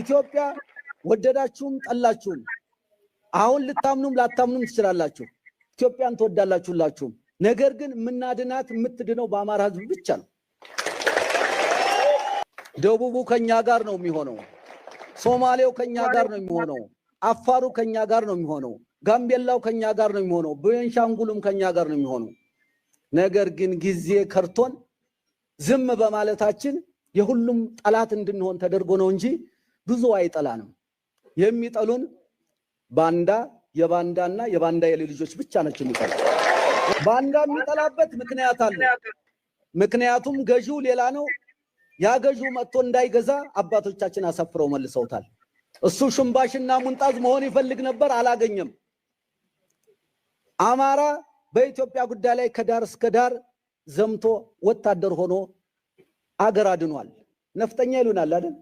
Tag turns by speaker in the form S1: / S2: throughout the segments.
S1: ኢትዮጵያ ወደዳችሁም ጠላችሁም አሁን ልታምኑም ላታምኑም ትችላላችሁ። ኢትዮጵያን ትወዳላችሁላችሁም ነገር ግን የምናድናት የምትድነው በአማራ ሕዝብ ብቻ ነው። ደቡቡ ከኛ ጋር ነው የሚሆነው። ሶማሌው ከኛ ጋር ነው የሚሆነው። አፋሩ ከኛ ጋር ነው የሚሆነው። ጋምቤላው ከኛ ጋር ነው የሚሆነው። ቤንሻንጉሉም ከኛ ጋር ነው የሚሆነው። ነገር ግን ጊዜ ከርቶን ዝም በማለታችን የሁሉም ጠላት እንድንሆን ተደርጎ ነው እንጂ ብዙ አይጠላንም። የሚጠሉን ባንዳ የባንዳና የባንዳ የሌ ልጆች ብቻ ናቸው የሚጠሉ። ባንዳ የሚጠላበት ምክንያት አለ። ምክንያቱም ገዢው ሌላ ነው። ያ ገዢው መጥቶ እንዳይገዛ አባቶቻችን አሳፍረው መልሰውታል። እሱ ሽምባሽና ሙንጣዝ መሆን ይፈልግ ነበር፣ አላገኘም። አማራ በኢትዮጵያ ጉዳይ ላይ ከዳር እስከ ዳር ዘምቶ ወታደር ሆኖ አገር አድኗል። ነፍጠኛ ይሉናል አይደል?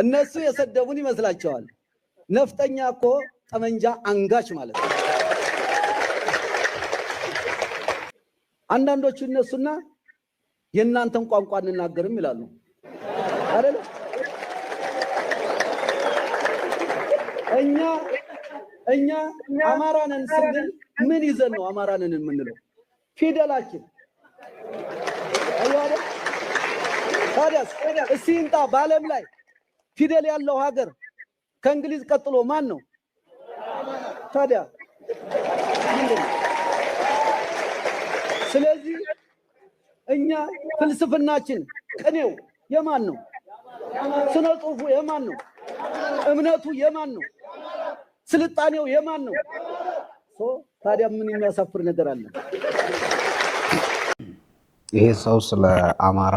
S1: እነሱ የሰደቡን ይመስላቸዋል። ነፍጠኛ እኮ ጠመንጃ አንጋች ማለት ነው። አንዳንዶቹ እነሱና የእናንተን ቋንቋ እንናገርም ይላሉ አይደል? እኛ እኛ አማራንን ስንል ምን ይዘን ነው አማራንን የምንለው? ፊደላችን ታዲያስ እስቲ እንጣ በዓለም ላይ ፊደል ያለው ሀገር ከእንግሊዝ ቀጥሎ ማን ነው? ታዲያ ስለዚህ እኛ ፍልስፍናችን ቅኔው የማን ነው? ስነ ጽሁፉ የማን ነው? እምነቱ የማን ነው? ስልጣኔው የማን ነው? ታዲያ ምን የሚያሳፍር ነገር አለ?
S2: ይሄ ሰው ስለ አማራ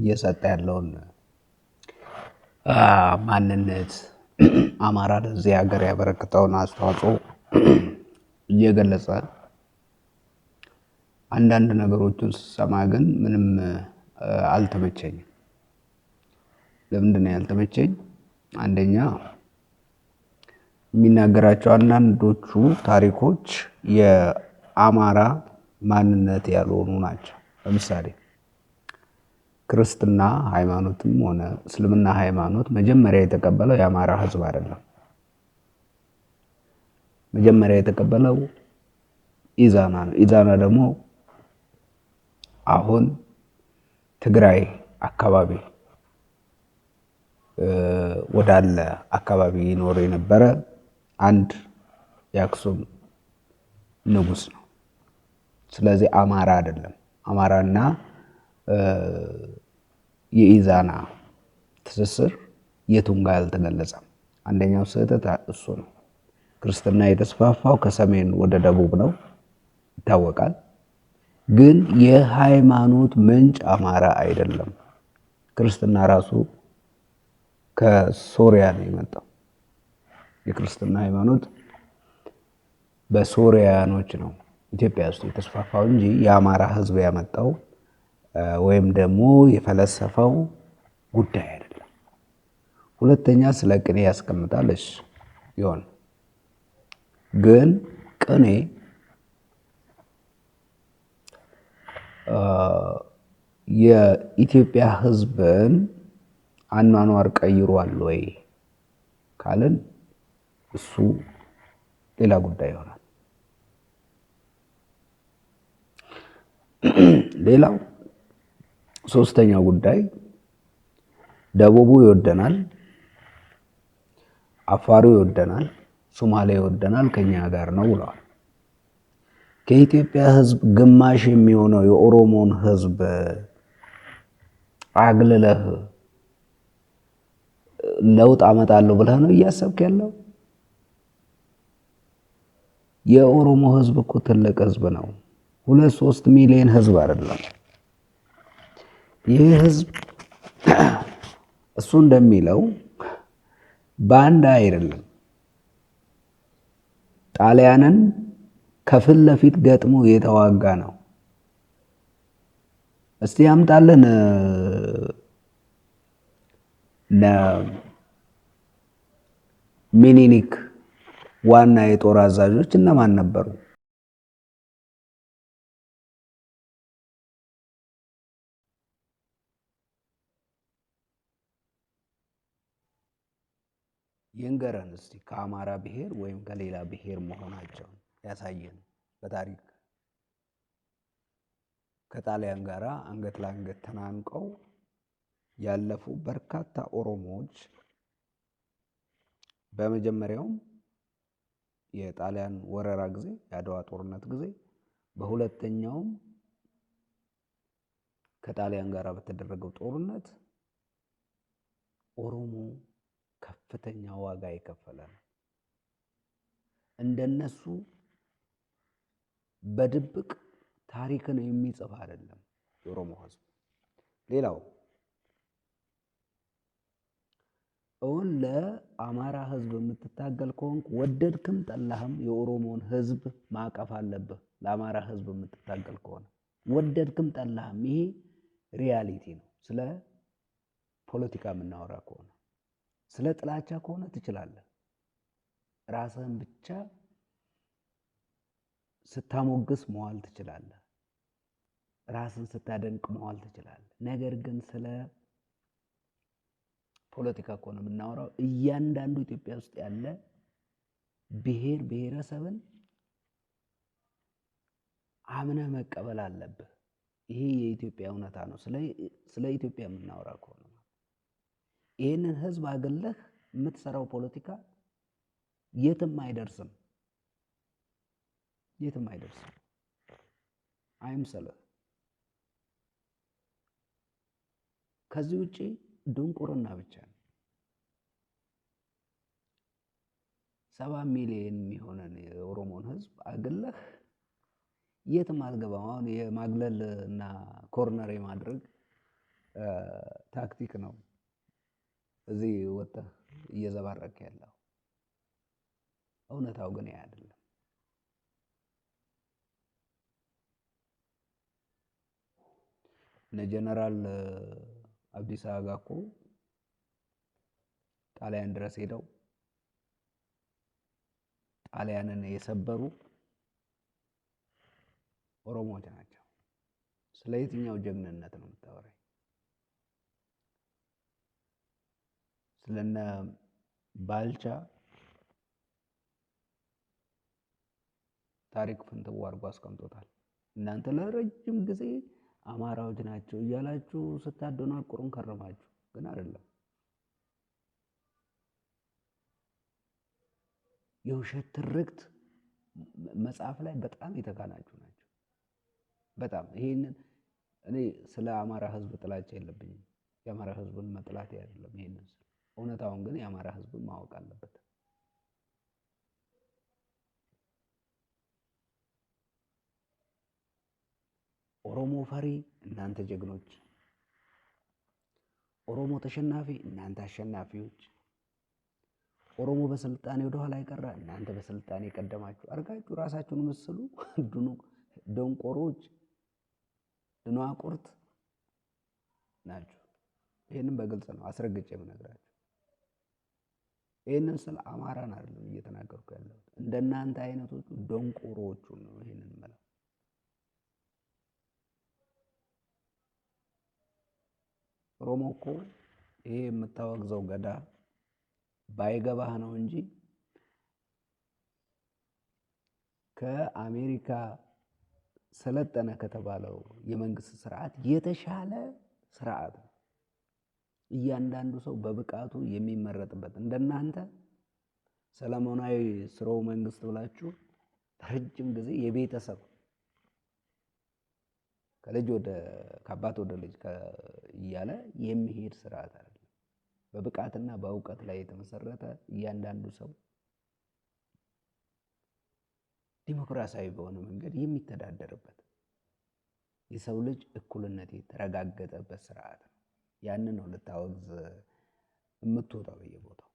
S2: እየሰጠ ያለውን ማንነት አማራ ለዚህ ሀገር ያበረክተውን አስተዋጽኦ እየገለጸ አንዳንድ ነገሮችን ስሰማ ግን ምንም አልተመቸኝም። ለምንድን ነው ያልተመቸኝ? አንደኛ የሚናገራቸው አንዳንዶቹ ታሪኮች የአማራ ማንነት ያልሆኑ ናቸው። ለምሳሌ ክርስትና ሃይማኖትም ሆነ እስልምና ሃይማኖት መጀመሪያ የተቀበለው የአማራ ህዝብ አይደለም። መጀመሪያ የተቀበለው ኢዛና ነው። ኢዛና ደግሞ አሁን ትግራይ አካባቢ ወዳለ አካባቢ ይኖር የነበረ አንድ የአክሱም ንጉስ ነው። ስለዚህ አማራ አይደለም። አማራና የኢዛና ትስስር የቱን ጋር አልተገለጸም። አንደኛው ስህተት እሱ ነው። ክርስትና የተስፋፋው ከሰሜን ወደ ደቡብ ነው ይታወቃል። ግን የሃይማኖት ምንጭ አማራ አይደለም። ክርስትና ራሱ ከሶሪያ ነው የመጣው። የክርስትና ሃይማኖት በሶሪያኖች ነው ኢትዮጵያ ውስጥ የተስፋፋው እንጂ የአማራ ሕዝብ ያመጣው ወይም ደግሞ የፈለሰፈው ጉዳይ አይደለም። ሁለተኛ ስለ ቅኔ ያስቀምጣል። እሺ ይሆን ግን ቅኔ የኢትዮጵያ ሕዝብን አኗኗር ቀይሯል ወይ ካልን እሱ ሌላ ጉዳይ ይሆናል። ሌላው ሶስተኛው ጉዳይ ደቡቡ ይወደናል፣ አፋሩ ይወደናል፣ ሶማሌ ይወደናል፣ ከኛ ጋር ነው ብለዋል። ከኢትዮጵያ ሕዝብ ግማሽ የሚሆነው የኦሮሞን ሕዝብ አግልለህ ለውጥ አመጣለሁ ብለህ ነው እያሰብክ ያለው። የኦሮሞ ሕዝብ እኮ ትልቅ ሕዝብ ነው። ሁለት ሶስት ሚሊዮን ሕዝብ አይደለም። ይህ ህዝብ እሱ እንደሚለው በአንድ አይደለም። ጣሊያንን ከፊት ለፊት ገጥሞ የተዋጋ ነው። እስቲ ያምጣልን ለሚኒኒክ ዋና የጦር አዛዦች እነማን ነበሩ? ይንገረን እስቲ ከአማራ ብሔር ወይም ከሌላ ብሔር መሆናቸውን ያሳየን። በታሪክ ከጣሊያን ጋር አንገት ለአንገት ተናንቀው ያለፉ በርካታ ኦሮሞዎች በመጀመሪያውም የጣሊያን ወረራ ጊዜ የአድዋ ጦርነት ጊዜ በሁለተኛውም ከጣሊያን ጋር በተደረገው ጦርነት ኦሮሞ ከፍተኛ ዋጋ የከፈለ ነው። እንደነሱ በድብቅ ታሪክን የሚጽፍ አይደለም የኦሮሞ ህዝብ ሌላው እውን ለአማራ ህዝብ የምትታገል ከሆንክ ወደድክም ጠላህም የኦሮሞን ህዝብ ማቀፍ አለብህ። ለአማራ ህዝብ የምትታገል ከሆነ ወደድክም ጠላህም፣ ይሄ ሪያሊቲ ነው። ስለ ፖለቲካ የምናወራ ከሆነ ስለ ጥላቻ ከሆነ ትችላለህ። ራስህን ብቻ ስታሞግስ መዋል ትችላለህ። ራስን ስታደንቅ መዋል ትችላለህ። ነገር ግን ስለ ፖለቲካ ከሆነ የምናወራው እያንዳንዱ ኢትዮጵያ ውስጥ ያለ ብሔር ብሔረሰብን አምነህ መቀበል አለብህ። ይሄ የኢትዮጵያ እውነታ ነው። ስለ ኢትዮጵያ የምናወራ ከሆነ ይህንን ህዝብ አግለህ የምትሰራው ፖለቲካ የትም አይደርስም፣ የትም አይደርስም አይምሰልህ። ከዚህ ውጪ ድንቁርና ብቻ ነው። ሰባ ሚሊዮን የሚሆነን የኦሮሞን ህዝብ አግለህ የትም አትገባም። አሁን የማግለል እና ኮርነር የማድረግ ታክቲክ ነው። እዚህ ወጥተህ እየዘባረክ ያለው እውነታው ግን አይደለም። እነ ጀነራል አብዲሳ አጋ እኮ ጣሊያን ድረስ ሄደው ጣሊያንን የሰበሩ ኦሮሞዎች ናቸው። ስለ የትኛው ጀግንነት ነው የምታወራኝ? ስለነ ባልቻ ታሪክ ፍንትው አድርጎ አስቀምጦታል። እናንተ ለረጅም ጊዜ አማራዎች ናቸው እያላችሁ ስታደናቁሩን ከረማችሁ፣ ግን አይደለም የውሸት ትርክት መጽሐፍ ላይ በጣም የተካናችሁ ናቸው። በጣም ይሄንን እኔ ስለ አማራ ሕዝብ ጥላቻ የለብኝም። የአማራ ሕዝብን መጥላት አይደለም ይሄንን እውነታውን ግን የአማራ ህዝብ ማወቅ አለበት። ኦሮሞ ፈሪ እናንተ ጀግኖች፣ ኦሮሞ ተሸናፊ እናንተ አሸናፊዎች፣ ኦሮሞ በስልጣኔ ወደኋላ የቀረ እናንተ በስልጣኔ የቀደማችሁ አድርጋችሁ ራሳችሁን ምስሉ ድኑ ደንቆሮች ድኗ ቁርት ናችሁ። ይህንም በግልጽ ነው አስረግጬ የምነግራችሁ። ይህንን ስለ አማራን አይደለም እየተናገርኩ ያለሁት እንደናንተ አይነቶቹ ደንቆሮዎቹ ነው ይህንን የምለው። ኦሮሞ እኮ ይሄ የምታወግዘው ገዳ ባይገባህ ነው እንጂ ከአሜሪካ ሰለጠነ ከተባለው የመንግስት ስርዓት የተሻለ ስርዓት ነው። እያንዳንዱ ሰው በብቃቱ የሚመረጥበት እንደናንተ ሰለሞናዊ ስርወ መንግስት ብላችሁ ረጅም ጊዜ የቤተሰብ ከልጅ ወደ ከአባት ወደ ልጅ እያለ የሚሄድ ስርዓት አይደለም። በብቃትና በእውቀት ላይ የተመሰረተ እያንዳንዱ ሰው ዲሞክራሲያዊ በሆነ መንገድ የሚተዳደርበት የሰው ልጅ እኩልነት የተረጋገጠበት ስርዓት ነው። ያንን ነው ልታወግዝ የምትወጣው በየቦታው።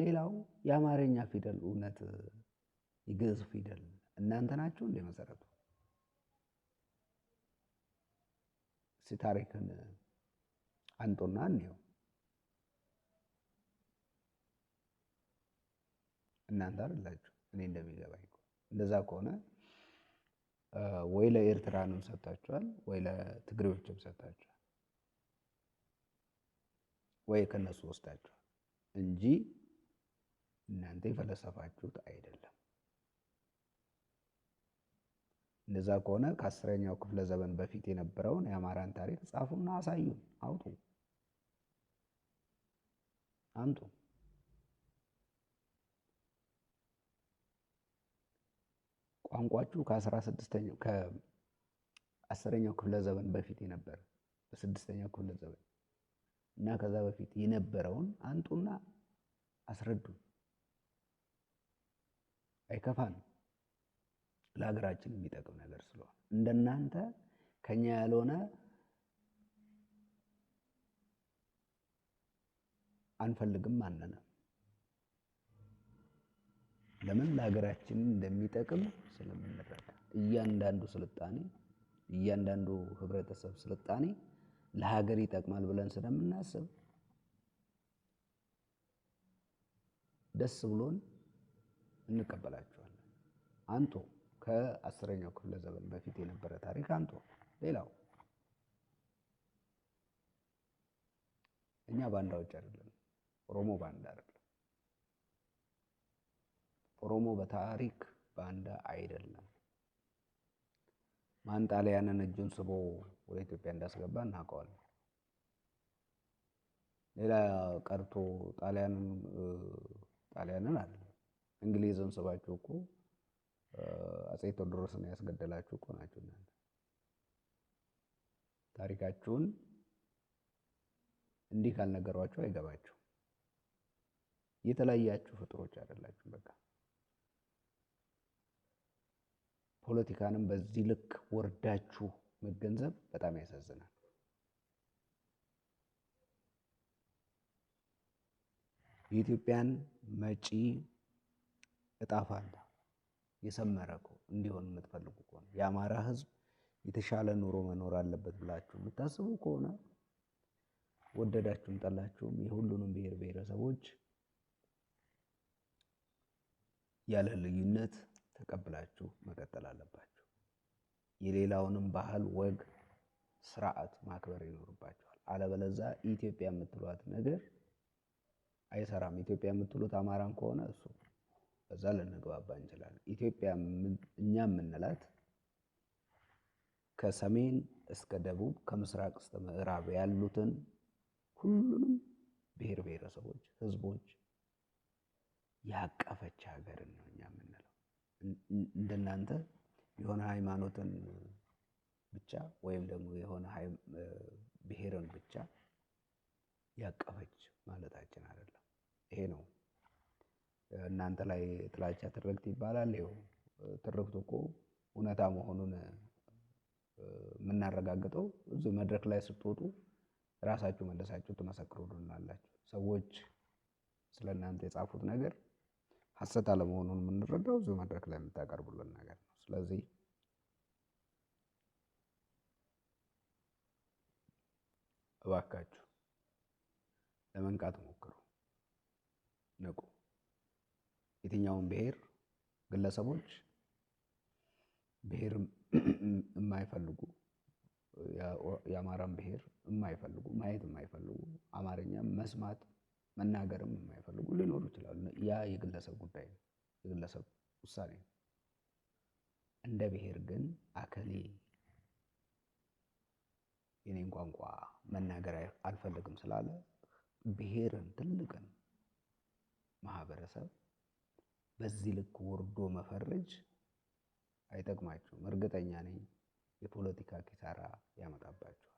S2: ሌላው የአማርኛ ፊደል እውነት የግዕዝ ፊደል እናንተ ናችሁ እንደ መሰረቱ ሲታሪክን አንጦና እንየው። እናንተ አይደላችሁ። እኔ እንደሚገባኝ እንደዛ ከሆነ ወይ ለኤርትራንም ሰጥታችኋል፣ ወይ ለትግሬዎችም ሰጥታችኋል። ወይ ከነሱ ወስዳችኋል እንጂ እናንተ የፈለሰፋችሁት አይደለም። እንደዛ ከሆነ ከአስረኛው ክፍለ ዘመን በፊት የነበረውን የአማራን ታሪክ ጻፉና አሳዩን፣ አውጡ፣ አምጡ። ቋንቋችሁ ከአስራ ስድስተኛው ከአስረኛው ክፍለ ዘመን በፊት የነበረ በስድስተኛው ክፍለ ዘመን እና ከዛ በፊት የነበረውን አንጡና አስረዱን። አይከፋንም። ለሀገራችን የሚጠቅም ነገር ስለሆነ እንደናንተ ከኛ ያልሆነ አንፈልግም አንነም። ለምን ለሀገራችን እንደሚጠቅም ስለምንረዳ እያንዳንዱ ስልጣኔ እያንዳንዱ ህብረተሰብ ስልጣኔ ለሀገር ይጠቅማል ብለን ስለምናስብ ደስ ብሎን እንቀበላቸዋለን። አንጦ ከአስረኛው ክፍለ ዘመን በፊት የነበረ ታሪክ አንጦ። ሌላው እኛ ባንዳዎች አይደለም፣ ኦሮሞ ባንዳ አይደለም። ኦሮሞ በታሪክ ባንዳ አይደለም። ማንጣሊያንን እጁን ስቦ ወደ ኢትዮጵያ እንዳስገባ እናውቀዋለን። ሌላ ቀርቶ ጣሊያንን ጣሊያንን አለ እንግሊዝን ስባችሁ እኮ አፄ ቴዎድሮስን ያስገደላችሁ እኮ ናችሁ። ታሪካችሁን እንዲህ ካልነገሯችሁ አይገባችሁ። የተለያያችሁ ፍጥሮች አይደላችሁም። በቃ ፖለቲካንም በዚህ ልክ ወርዳችሁ መገንዘብ በጣም ያሳዝናል። የኢትዮጵያን መጪ እጣ ፈንታ የሰመረ እኮ እንዲሆን የምትፈልጉ ከሆነ የአማራ ሕዝብ የተሻለ ኑሮ መኖር አለበት ብላችሁ የምታስቡ ከሆነ ወደዳችሁም ጠላችሁም የሁሉንም ብሔር ብሔረሰቦች ያለ ልዩነት ተቀብላችሁ መቀጠል አለባችሁ። የሌላውንም ባህል ወግ፣ ስርዓት ማክበር ይኖርባቸዋል። አለበለዛ ኢትዮጵያ የምትሏት ነገር አይሰራም። ኢትዮጵያ የምትሉት አማራን ከሆነ እሱ በዛ ልንግባባ እንችላለን። ኢትዮጵያ እኛ የምንላት ከሰሜን እስከ ደቡብ ከምስራቅ እስከ ምዕራብ ያሉትን ሁሉንም ብሔር ብሔረሰቦች፣ ህዝቦች ያቀፈች ሀገርን ነው እኛ የምንለው እንደናንተ የሆነ ሃይማኖትን ብቻ ወይም ደግሞ የሆነ ብሔርን ብቻ ያቀፈች ማለታችን አይደለም። ይሄ ነው እናንተ ላይ ጥላቻ ትርክት ይባላል። ይኸው ትርክቱ እኮ እውነታ መሆኑን የምናረጋግጠው እዚህ መድረክ ላይ ስትወጡ ራሳችሁ መለሳችሁ ትመሰክሩልናላችሁ። ሰዎች ስለ እናንተ የጻፉት ነገር ሀሰት አለመሆኑን የምንረዳው እዚሁ መድረክ ላይ የምታቀርቡልን ነገር ነው። ስለዚህ እባካችሁ ለመንቃት ሞክሩ፣ ንቁ። የትኛውን ብሔር ግለሰቦች ብሔር የማይፈልጉ የአማራን ብሔር የማይፈልጉ ማየት የማይፈልጉ አማርኛ መስማት መናገርም የማይፈልጉ ሊኖሩ ይችላሉ። ያ የግለሰብ ጉዳይ ነው፣ የግለሰብ ውሳኔ ነው። እንደ ብሔር ግን አከሌ የኔን ቋንቋ መናገር አልፈልግም ስላለ ብሔርን፣ ትልቅን ማህበረሰብ በዚህ ልክ ወርዶ መፈረጅ አይጠቅማቸውም። እርግጠኛ ነኝ የፖለቲካ ኪሳራ ያመጣባቸው